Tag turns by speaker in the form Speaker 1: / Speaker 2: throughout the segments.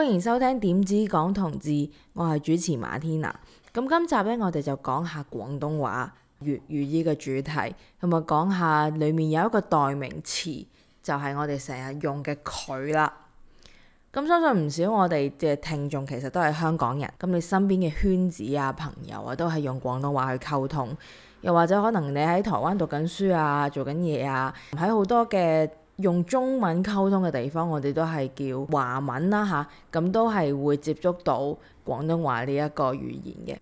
Speaker 1: 歡迎收聽點知講同志，我係主持馬天娜。咁今集咧，我哋就講下廣東話粵語依個主題，同埋講下裏面有一個代名詞，就係我哋成日用嘅佢啦。咁相信唔少我哋嘅聽眾其實都係香港人，咁你身邊嘅圈子啊、朋友啊，都係用廣東話去溝通，又或者可能你喺台灣讀緊書啊、做緊嘢啊，喺好多嘅。用中文溝通嘅地方，我哋都係叫華文啦吓，咁、啊、都係會接觸到廣東話呢一個語言嘅。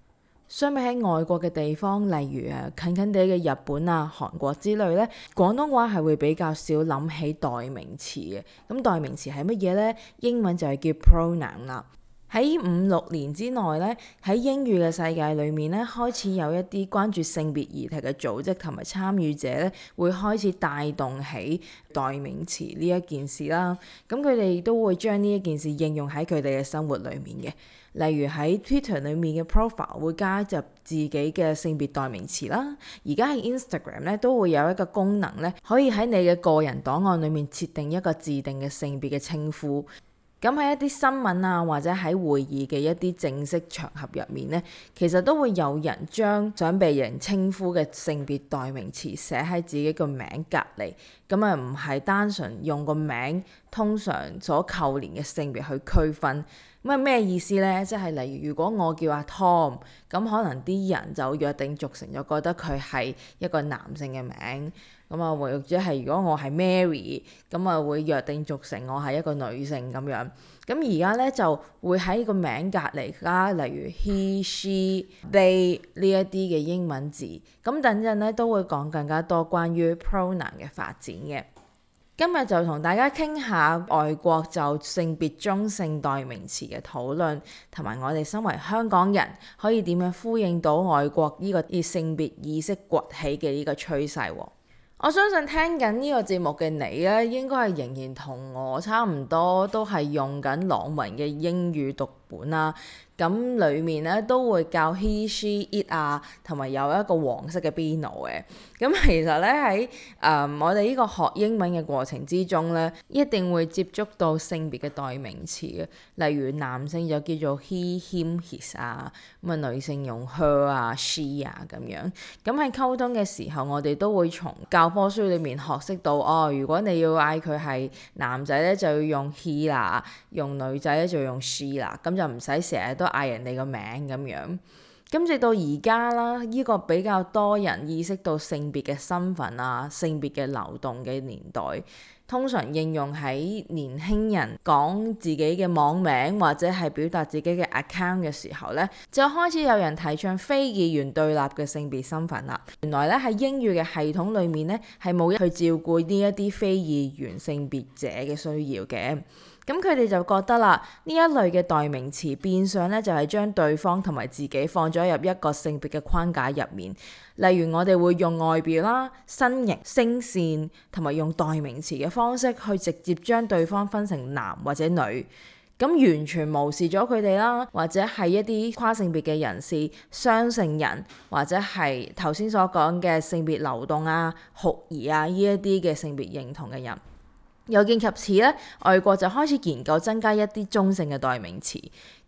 Speaker 1: 相比喺外國嘅地方，例如啊近近哋嘅日本啊、韓國之類呢，廣東話係會比較少諗起代名詞嘅。咁、嗯、代名詞係乜嘢呢？英文就係叫 pronoun 啦。喺五六年之內咧，喺英語嘅世界裏面咧，開始有一啲關注性別議題嘅組織同埋參與者咧，會開始帶動起代名詞呢一件事啦。咁佢哋都會將呢一件事應用喺佢哋嘅生活裏面嘅，例如喺 Twitter 裏面嘅 profile 會加入自己嘅性別代名詞啦。而家喺 Instagram 咧都會有一個功能咧，可以喺你嘅個人檔案裏面設定一個自定嘅性別嘅稱呼。咁喺一啲新聞啊，或者喺會議嘅一啲正式場合入面呢，其實都會有人將想被人稱呼嘅性別代名詞寫喺自己個名隔離。咁啊，唔係單純用個名，通常所扣連嘅性別去區分，咁啊咩意思咧？即係例如，如果我叫阿、啊、Tom，咁可能啲人就約定俗成，就覺得佢係一個男性嘅名，咁啊或者係如果我係 Mary，咁啊會約定俗成我係一個女性咁樣。咁而家咧就會喺個名隔離啦，例如 he、she、they 呢一啲嘅英文字，咁等陣咧都會講更加多關於 pronoun 嘅發展嘅。今日就同大家傾下外國就性別中性代名詞嘅討論，同埋我哋身為香港人可以點樣呼應到外國呢個以性別意識崛起嘅呢個趨勢。我相信聽緊呢個節目嘅你咧，應該係仍然同我差唔多，都係用緊朗文嘅英語讀本啦，咁裏面咧都會教 he、she、it 啊，同埋有一個黃色嘅筆帽嘅。咁其實咧喺誒我哋呢個學英文嘅過程之中咧，一定會接觸到性別嘅代名詞嘅，例如男性就叫做 he、him、his 啊，咁啊女性用 her 啊、she 啊咁樣。咁、嗯、喺溝通嘅時候，我哋都會從教科書裡面學識到哦，如果你要嗌佢係男仔咧，就要用 he 啦，用女仔咧就用 she 啦，咁。就唔使成日都嗌人哋個名咁樣。咁直到而家啦，依、這個比較多人意識到性別嘅身份啊、性別嘅流動嘅年代，通常應用喺年輕人講自己嘅網名或者係表達自己嘅 account 嘅時候咧，就開始有人提倡非二元對立嘅性別身份啦。原來咧喺英語嘅系統裡面咧，係冇去照顧呢一啲非二元性別者嘅需要嘅。咁佢哋就覺得啦，呢一類嘅代名詞變相咧，就係將對方同埋自己放咗入一個性別嘅框架入面。例如我哋會用外表啦、身形、聲線，同埋用代名詞嘅方式，去直接將對方分成男或者女，咁完全無視咗佢哋啦，或者係一啲跨性別嘅人士、雙性人，或者係頭先所講嘅性別流動啊、酷兒啊呢一啲嘅性別認同嘅人。有見及此咧，外國就開始研究增加一啲中性嘅代名詞。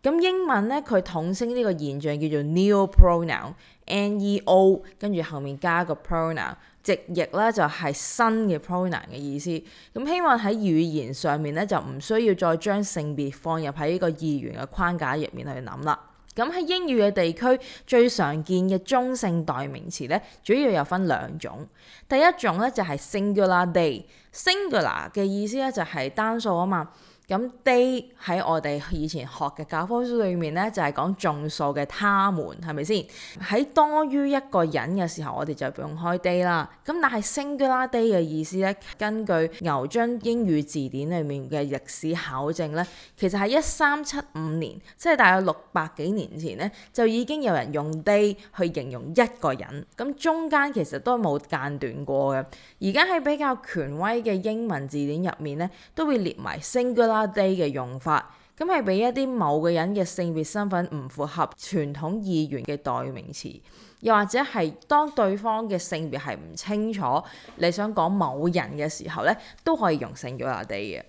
Speaker 1: 咁英文咧，佢統稱呢個現象叫做 neo pronoun，neo 跟住後面加個 pronoun，直譯咧就係、是、新嘅 pronoun 嘅意思。咁希望喺語言上面咧，就唔需要再將性別放入喺呢個議員嘅框架入面去諗啦。咁喺英語嘅地區，最常見嘅中性代名詞咧，主要有分兩種。第一種咧就係 singular they，singular 嘅意思咧就係、是、單數啊嘛。咁 day 喺我哋以前學嘅教科書裏面咧，就係講眾數嘅他們，係咪先？喺多於一個人嘅時候，我哋就用開 day 啦。咁但係 singular day 嘅意思咧，根據牛津英語字典裏面嘅歷史考證咧，其實係一三七五年，即係大約六百幾年前咧，就已經有人用 day 去形容一個人。咁中間其實都冇間斷過嘅。而家喺比較權威嘅英文字典入面咧，都會列埋 singular。day 嘅用法，咁係俾一啲某個人嘅性別身份唔符合傳統意願嘅代名詞，又或者係當對方嘅性別係唔清楚，你想講某人嘅時候咧，都可以用 singular day 嘅。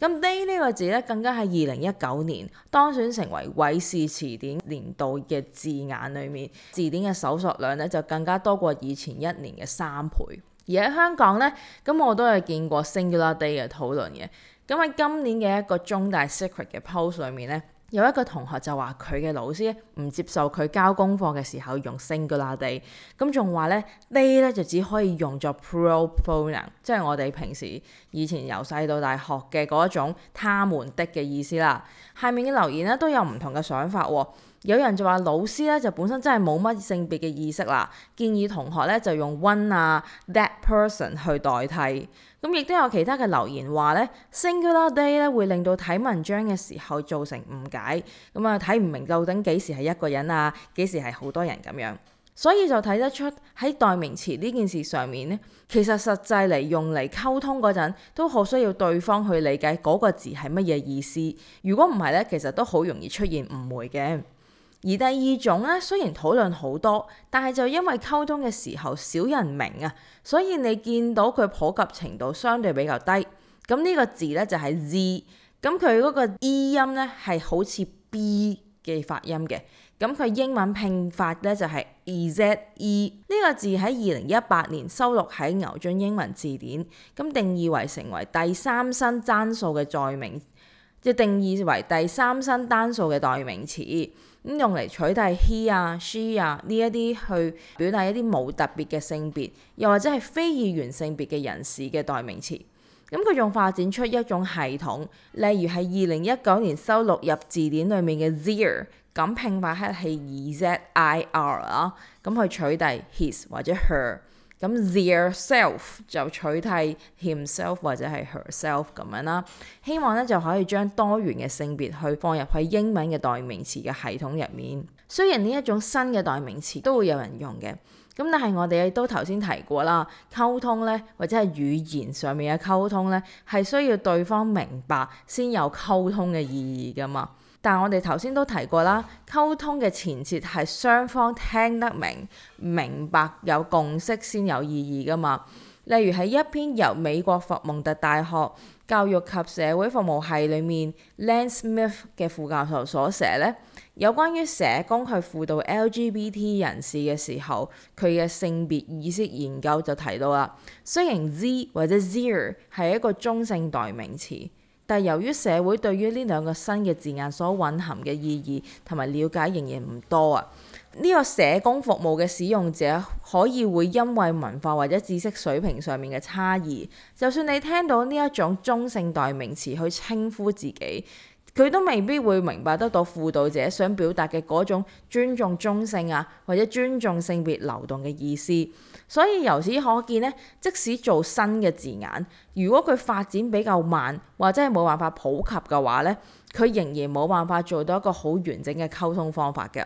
Speaker 1: 咁 day 呢個字咧，更加係二零一九年當選成為韋氏詞典年度嘅字眼裏面，字典嘅搜索量咧就更加多過以前一年嘅三倍。而喺香港咧，咁我都係見過 singular day 嘅討論嘅。咁喺今年嘅一個中大 secret 嘅 post 入面咧，有一個同學就話佢嘅老師唔接受佢交功課嘅時候用 singular they，咁仲話咧 they 咧就只可以用作 pronoun，即係我哋平時以前由細到大學嘅嗰一種他們的嘅意思啦。下面嘅留言咧都有唔同嘅想法喎。有人就話老師咧，就本身真係冇乜性別嘅意識啦。建議同學咧就用 one 啊 that person 去代替。咁亦都有其他嘅留言話咧，singular they 咧會令到睇文章嘅時候造成誤解。咁啊睇唔明究竟幾時係一個人啊，幾時係好多人咁樣。所以就睇得出喺代名詞呢件事上面咧，其實實際嚟用嚟溝通嗰陣都好需要對方去理解嗰個字係乜嘢意思。如果唔係咧，其實都好容易出現誤會嘅。而第二種咧，雖然討論好多，但係就因為溝通嘅時候少人明啊，所以你見到佢普及程度相對比較低。咁呢個字咧就係、是、Z，咁佢嗰個 E 音咧係好似 B 嘅發音嘅。咁佢英文拼法咧就係、是、Z E。呢、e，個字喺二零一八年收錄喺牛津英文字典，咁定義為成為第三身單數嘅代名，即定義為第三身單數嘅代名詞。咁用嚟取代 he 啊、she 啊呢一啲去表達一啲冇特別嘅性別，又或者係非二元性別嘅人士嘅代名詞。咁佢仲發展出一種系統，例如喺二零一九年收錄入字典裡面嘅 zir，咁拼法係係 Z I R 啦，咁去取代 his 或者 her。咁 theirself 就取替 himself 或者係 herself 咁樣啦，希望咧就可以將多元嘅性別去放入喺英文嘅代名詞嘅系統入面。雖然呢一種新嘅代名詞都會有人用嘅，咁但係我哋都頭先提過啦，溝通咧或者係語言上面嘅溝通咧，係需要對方明白先有溝通嘅意義㗎嘛。但我哋頭先都提過啦，溝通嘅前設係雙方聽得明、明白有共識先有意義㗎嘛。例如喺一篇由美國佛蒙特大學教育及社會服務系裡面，Lance Smith 嘅副教授所寫呢，有關於社工去輔導 LGBT 人士嘅時候，佢嘅性別意識研究就提到啦。雖然 Z 或者 Zero 係一個中性代名詞。但由於社會對於呢兩個新嘅字眼所隱含嘅意義同埋了解仍然唔多啊，呢個社工服務嘅使用者可以會因為文化或者知識水平上面嘅差異，就算你聽到呢一種中性代名詞去稱呼自己。佢都未必會明白得到輔導者想表達嘅嗰種尊重中性啊，或者尊重性別流動嘅意思。所以由此可見咧，即使做新嘅字眼，如果佢發展比較慢，或者係冇辦法普及嘅話咧，佢仍然冇辦法做到一個好完整嘅溝通方法嘅。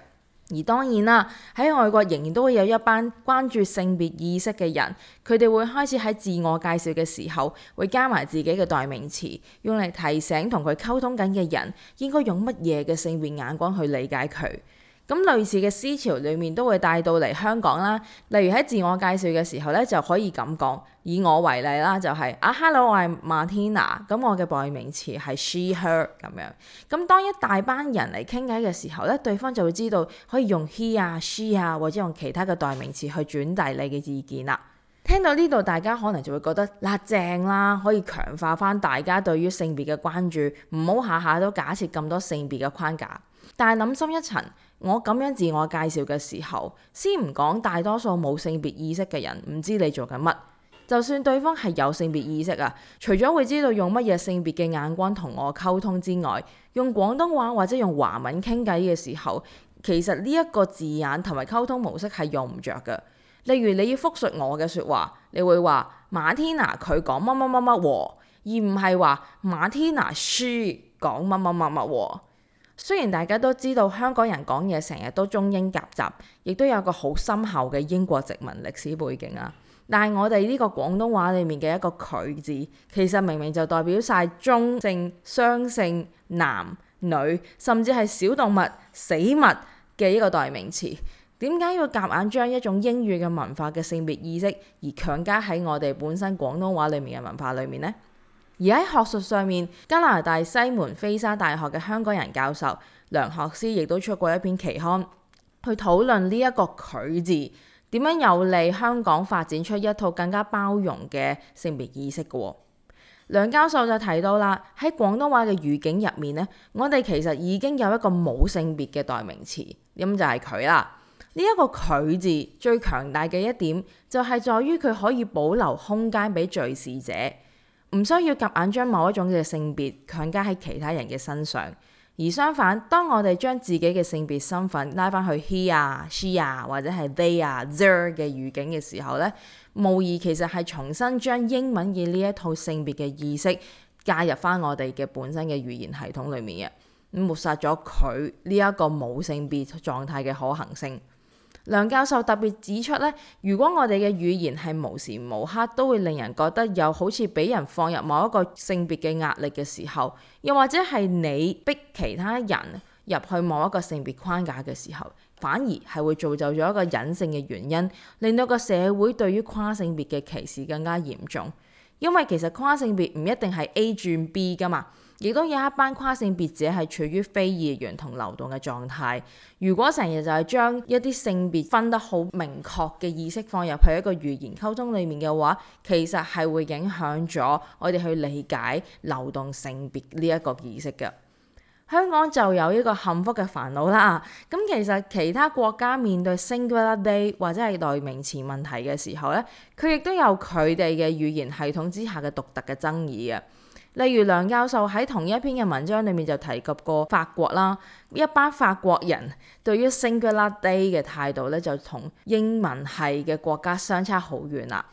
Speaker 1: 而當然啦，喺外國仍然都會有一班關注性別意識嘅人，佢哋會開始喺自我介紹嘅時候，會加埋自己嘅代名詞，用嚟提醒同佢溝通緊嘅人應該用乜嘢嘅性別眼光去理解佢。咁類似嘅思潮裏面都會帶到嚟香港啦。例如喺自我介紹嘅時候咧，就可以咁講。以我為例啦，就係、是、啊，hello，我係 Martina。咁我嘅代名詞係 she/her 咁樣。咁當一大班人嚟傾偈嘅時候咧，對方就會知道可以用 he 啊、she 啊，或者用其他嘅代名詞去轉遞你嘅意見啦。聽到呢度，大家可能就會覺得嗱正啦，可以強化返大家對於性別嘅關注，唔好下下都假設咁多性別嘅框架。但係諗深一層。我咁樣自我介紹嘅時候，先唔講大多數冇性別意識嘅人唔知你做緊乜，就算對方係有性別意識啊，除咗會知道用乜嘢性別嘅眼光同我溝通之外，用廣東話或者用華文傾偈嘅時候，其實呢一個字眼同埋溝通模式係用唔着嘅。例如你要複述我嘅説話，你會話馬天娜佢講乜乜乜乜喎，而唔係話馬天娜 she 講乜乜乜乜喎。雖然大家都知道香港人講嘢成日都中英夾雜，亦都有個好深厚嘅英國殖民歷史背景啊，但係我哋呢個廣東話裡面嘅一個佢字，其實明明就代表晒中性、雙性、男、女，甚至係小動物、死物嘅一個代名詞。點解要夾硬將一種英語嘅文化嘅性別意識而強加喺我哋本身廣東話裡面嘅文化裡面呢？而喺學術上面，加拿大西門菲沙大學嘅香港人教授梁學詩亦都出過一篇期刊，去討論呢、這、一個佢字點樣有利香港發展出一套更加包容嘅性別意識嘅、哦。梁教授就提到啦，喺廣東話嘅語境入面呢，我哋其實已經有一個冇性別嘅代名詞，咁就係佢啦。呢、這、一個佢字最強大嘅一點，就係在於佢可以保留空間俾敘事者。唔需要夾硬將某一種嘅性別強加喺其他人嘅身上，而相反，當我哋將自己嘅性別身份拉翻去 he 啊、she 啊或者係 they 啊、their 嘅語境嘅時候咧，無疑其實係重新將英文嘅呢一套性別嘅意識加入翻我哋嘅本身嘅語言系統裡面嘅，咁抹殺咗佢呢一個冇性別狀態嘅可行性。梁教授特別指出咧，如果我哋嘅語言係無時無刻都會令人覺得有好似俾人放入某一個性別嘅壓力嘅時候，又或者係你逼其他人入去某一個性別框架嘅時候，反而係會造就咗一個隱性嘅原因，令到個社會對於跨性別嘅歧視更加嚴重。因為其實跨性別唔一定係 A 轉 B 噶嘛。亦都有一班跨性別者係處於非二元同流動嘅狀態。如果成日就係將一啲性別分得好明確嘅意識放入去一個語言溝通裏面嘅話，其實係會影響咗我哋去理解流動性別呢一個意識嘅。香港就有一個幸福嘅煩惱啦。咁、嗯、其實其他國家面對 singular they 或者係代名詞問題嘅時候咧，佢亦都有佢哋嘅語言系統之下嘅獨特嘅爭議嘅。例如梁教授喺同一篇嘅文章裏面就提及過法國啦，一班法國人對於 singular they 嘅態度咧就同英文系嘅國家相差好遠啦。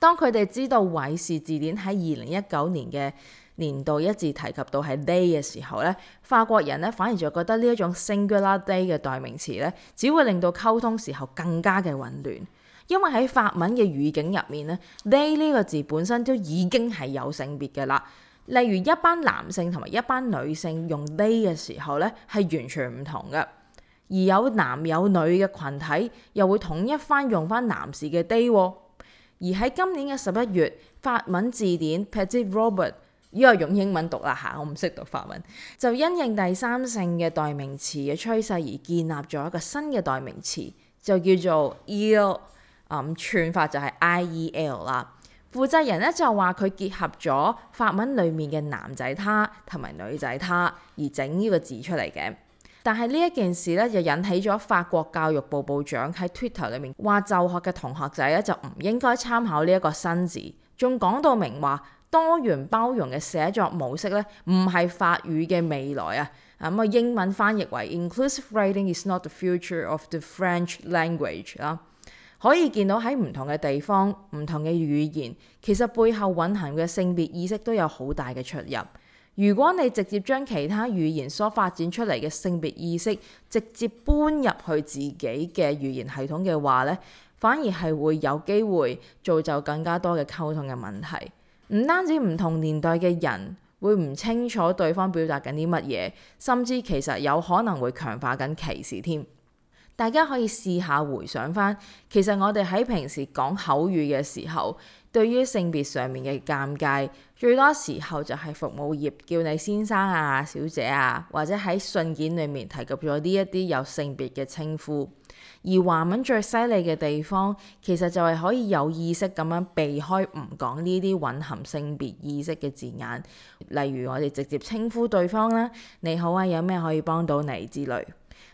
Speaker 1: 當佢哋知道維氏字典喺二零一九年嘅年度一字提及到係 they 嘅時候咧，法國人咧反而就覺得呢一種 singular they 嘅代名詞咧，只會令到溝通時候更加嘅混亂，因為喺法文嘅語境入面咧，they 呢個字本身都已經係有性別嘅啦。例如一班男性同埋一班女性用 they 嘅時候咧，係完全唔同嘅。而有男有女嘅群體又會統一翻用翻男士嘅 they、哦、而喺今年嘅十一月，法文字典 Petit Robert，呢個用英文讀啦嚇，我唔識讀法文，就因應第三性嘅代名詞嘅趨勢而建立咗一個新嘅代名詞，就叫做 iel，咁、嗯、串法就係 IEL 啦。E 負責人咧就話佢結合咗法文裏面嘅男仔他同埋女仔她而整呢個字出嚟嘅，但係呢一件事咧就引起咗法國教育部部長喺 Twitter 裏面話就學嘅同學仔咧就唔應該參考呢一個新字，仲講到明話多元包容嘅寫作模式咧唔係法語嘅未來啊！咁啊英文翻譯為 Inclusive writing is not the future of the French language 啊。可以見到喺唔同嘅地方、唔同嘅語言，其實背後蘊含嘅性別意識都有好大嘅出入。如果你直接將其他語言所發展出嚟嘅性別意識直接搬入去自己嘅語言系統嘅話咧，反而係會有機會造就更加多嘅溝通嘅問題。唔單止唔同年代嘅人會唔清楚對方表達緊啲乜嘢，甚至其實有可能會強化緊歧視添。大家可以試下回想翻，其實我哋喺平時講口語嘅時候，對於性別上面嘅尷尬，最多時候就係服務業叫你先生啊、小姐啊，或者喺信件裡面提及咗呢一啲有性別嘅稱呼。而華文最犀利嘅地方，其實就係可以有意識咁樣避開唔講呢啲蘊含性別意識嘅字眼，例如我哋直接稱呼對方啦，你好啊，有咩可以幫到你之類。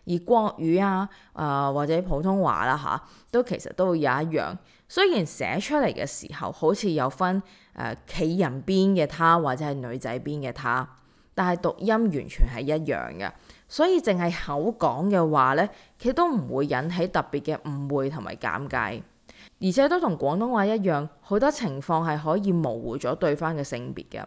Speaker 1: 而國語啊，誒、呃、或者普通話啦、啊、嚇，都其實都會有一樣。雖然寫出嚟嘅時候好似有分誒、呃、企人邊嘅他或者係女仔邊嘅他，但係讀音完全係一樣嘅。所以淨係口講嘅話咧，佢都唔會引起特別嘅誤會同埋尷尬，而且都同廣東話一樣，好多情況係可以模糊咗對方嘅性別嘅。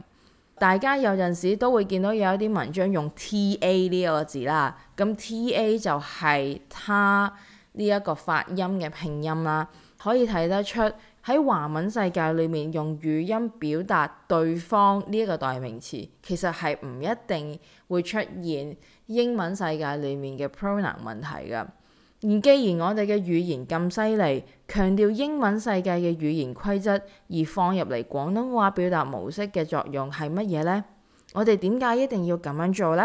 Speaker 1: 大家有陣時都會見到有一啲文章用 T A 呢個字啦，咁 T A 就係他呢一個發音嘅拼音啦，可以睇得出喺華文世界裏面用語音表達對方呢一個代名詞，其實係唔一定會出現英文世界裡面嘅 pronoun、um、問題嘅。而既然我哋嘅語言咁犀利，強調英文世界嘅語言規則，而放入嚟廣東話表達模式嘅作用係乜嘢呢？我哋點解一定要咁樣做呢？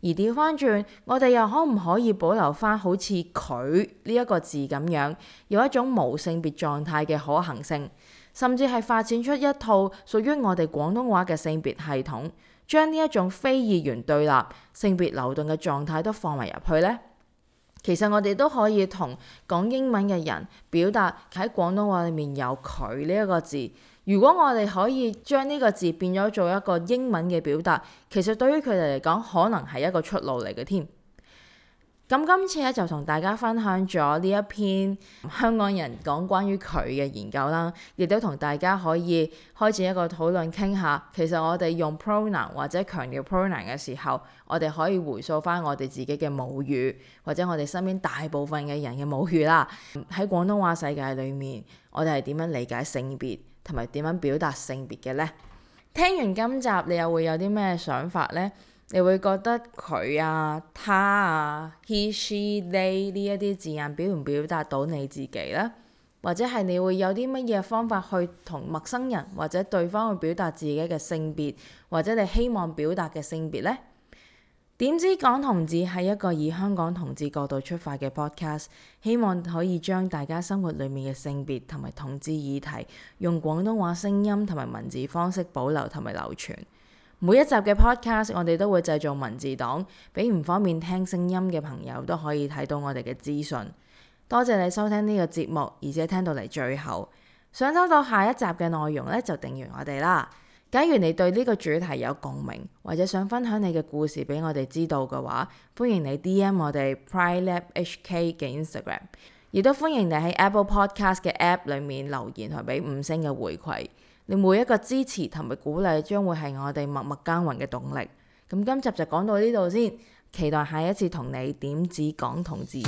Speaker 1: 而調翻轉，我哋又可唔可以保留翻好似佢呢一個字咁樣，有一種無性別狀態嘅可行性，甚至係發展出一套屬於我哋廣東話嘅性別系統，將呢一種非二元對立、性別流動嘅狀態都放埋入去呢？其實我哋都可以同講英文嘅人表達，喺廣東話裡面有佢呢一個字。如果我哋可以將呢個字變咗做一個英文嘅表達，其實對於佢哋嚟講，可能係一個出路嚟嘅添。咁今次咧就同大家分享咗呢一篇香港人講關於佢嘅研究啦，亦都同大家可以開始一個討論傾下。其實我哋用 pronoun、um、或者強調 pronoun、um、嘅時候，我哋可以回溯翻我哋自己嘅母語，或者我哋身邊大部分嘅人嘅母語啦。喺廣東話世界裏面，我哋係點樣理解性別同埋點樣表達性別嘅呢？聽完今集，你又會有啲咩想法呢？你會覺得佢啊、他啊、he、she、they 呢一啲字眼表唔表達到你自己呢？或者係你會有啲乜嘢方法去同陌生人或者對方去表達自己嘅性別，或者你希望表達嘅性別呢？點知港同志係一個以香港同志角度出發嘅 podcast，希望可以將大家生活裡面嘅性別同埋同志議題，用廣東話聲音同埋文字方式保留同埋流傳。每一集嘅 podcast，我哋都會製造文字檔，俾唔方便聽聲音嘅朋友都可以睇到我哋嘅資訊。多謝你收聽呢個節目，而且聽到嚟最後，想收到，到下一集嘅內容咧，就訂閱我哋啦。假如你對呢個主題有共鳴，或者想分享你嘅故事俾我哋知道嘅話，歡迎你 DM 我哋 PrideLab HK 嘅 Instagram，亦都歡迎你喺 Apple Podcast 嘅 App 裏面留言同俾五星嘅回饋。你每一個支持同埋鼓勵，將會係我哋默默耕耘嘅動力。咁今集就講到呢度先，期待下一次同你點止講同志。